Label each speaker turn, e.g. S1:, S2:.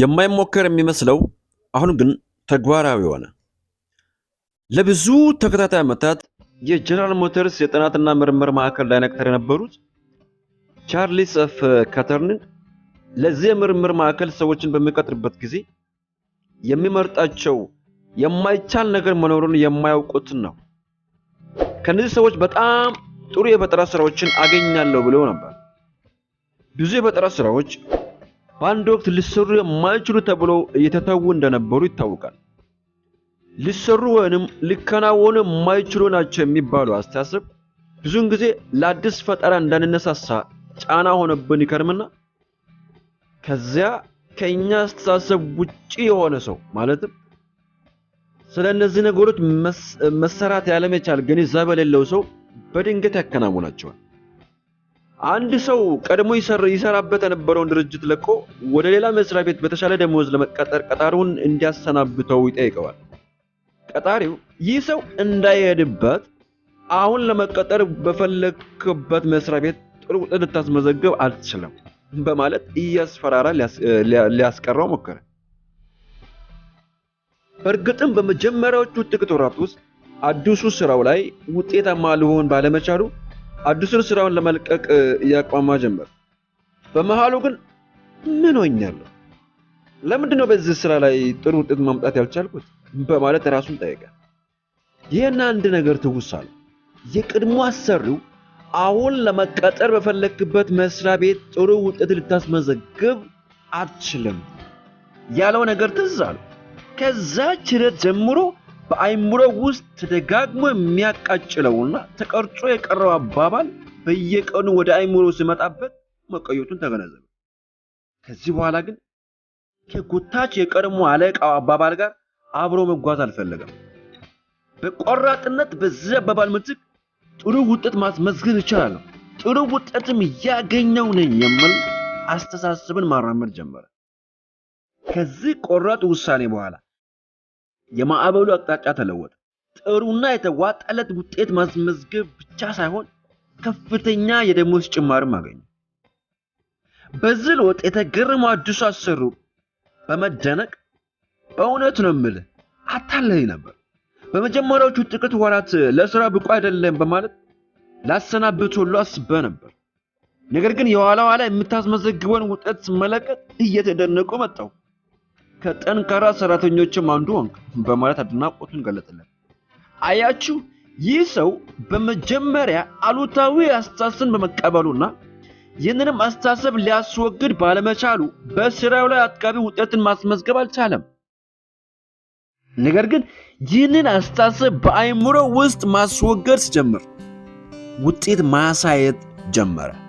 S1: የማይሞከር የሚመስለው አሁን ግን ተግባራዊ ሆነ። ለብዙ ተከታታይ ዓመታት የጀነራል ሞተርስ የጥናትና ምርምር ማዕከል ዳይሬክተር የነበሩት ቻርሊስ ኤፍ ከተርን ለዚህ የምርምር ማዕከል ሰዎችን በሚቀጥርበት ጊዜ የሚመርጣቸው የማይቻል ነገር መኖሩን የማያውቁትን ነው። ከነዚህ ሰዎች በጣም ጥሩ የፈጠራ ስራዎችን አገኛለሁ ብለው ነበር። ብዙ የፈጠራ ስራዎች በአንድ ወቅት ሊሰሩ የማይችሉ ተብለው እየተተዉ እንደነበሩ ይታወቃል። ሊሰሩ ወይንም ሊከናወኑ የማይችሉ ናቸው የሚባሉ አስተሳሰብ ብዙውን ጊዜ ለአዲስ ፈጠራ እንዳንነሳሳ ጫና ሆነብን ይከርምና ከዚያ ከእኛ አስተሳሰብ ውጪ የሆነ ሰው ማለትም ስለ እነዚህ ነገሮች መሰራት ያለመቻል ግንዛቤ የሌለው ሰው በድንገት ያከናውናቸዋል። አንድ ሰው ቀድሞ ይሰራበት የነበረውን ድርጅት ለቆ ወደ ሌላ መስሪያ ቤት በተሻለ ደሞዝ ለመቀጠር ቀጣሪውን እንዲያሰናብተው ይጠይቀዋል። ቀጣሪው ይህ ሰው እንዳይሄድበት አሁን ለመቀጠር በፈለክበት መስሪያ ቤት ጥሩ ውጤት ልታስመዘግብ አልችልም በማለት እያስፈራራ ሊያስቀረው ሞከረ። በእርግጥም በመጀመሪያዎቹ ጥቂት ወራት ውስጥ አዲሱ ስራው ላይ ውጤታማ ሊሆን ባለመቻሉ አዲሱን ስራውን ለመልቀቅ እያቋማ ጀመር። በመሃሉ ግን ምን ሆኛለሁ? ለምንድን ነው በዚህ ስራ ላይ ጥሩ ውጤት ማምጣት ያልቻልኩት? በማለት ራሱን ጠየቀ። ይህን አንድ ነገር ትውስ አለ። የቅድሞ አሰሪው አሁን ለመቀጠር በፈለግክበት መስሪያ ቤት ጥሩ ውጤት ልታስመዘግብ አትችልም ያለው ነገር ትዝ አለ። ከዛች ሂደት ጀምሮ በአይምሮ ውስጥ ተደጋግሞ የሚያቃጭለውና ተቀርጾ የቀረው አባባል በየቀኑ ወደ አይምሮ ሲመጣበት መቀየቱን ተገነዘበ። ከዚህ በኋላ ግን ከጎታች የቀድሞ አለቃው አባባል ጋር አብሮ መጓዝ አልፈለገም። በቆራጥነት በዚህ አባባል ምትክ ጥሩ ውጤት ማስመዝገብ ይቻላል፣ ጥሩ ውጤትም እያገኘው ነኝ የሚል አስተሳሰብን ማራመድ ጀመረ። ከዚህ ቆራጥ ውሳኔ በኋላ የማዕበሉ አቅጣጫ ተለወጠ። ጥሩና የተዋጠለት ውጤት ማስመዝገብ ብቻ ሳይሆን ከፍተኛ የደሞዝ ጭማሪም አገኙ። በዚህ ለውጥ የተገረሙ አዲሱ አሰሩ በመደነቅ በእውነት ነው የምልህ አታለኝ ነበር። በመጀመሪያዎቹ ጥቂት ወራት ለስራ ብቁ አይደለም በማለት ላሰናብት ሁሉ አስቤ ነበር። ነገር ግን የኋላ ኋላ የምታስመዘግበውን ውጤት ስመለከት እየተደነቁ መጣሁ። ከጠንካራ ሰራተኞችም አንዱ ሆንክ በማለት አድናቆቱን ገለጠለት። አያችሁ፣ ይህ ሰው በመጀመሪያ አሉታዊ አስተሳሰብን በመቀበሉና ይህንንም አስተሳሰብ ሊያስወግድ ባለመቻሉ በስራው ላይ አጥጋቢ ውጤትን ማስመዝገብ አልቻለም። ነገር ግን ይህንን አስተሳሰብ በአይምሮ ውስጥ ማስወገድ ሲጀምር ውጤት ማሳየት ጀመረ።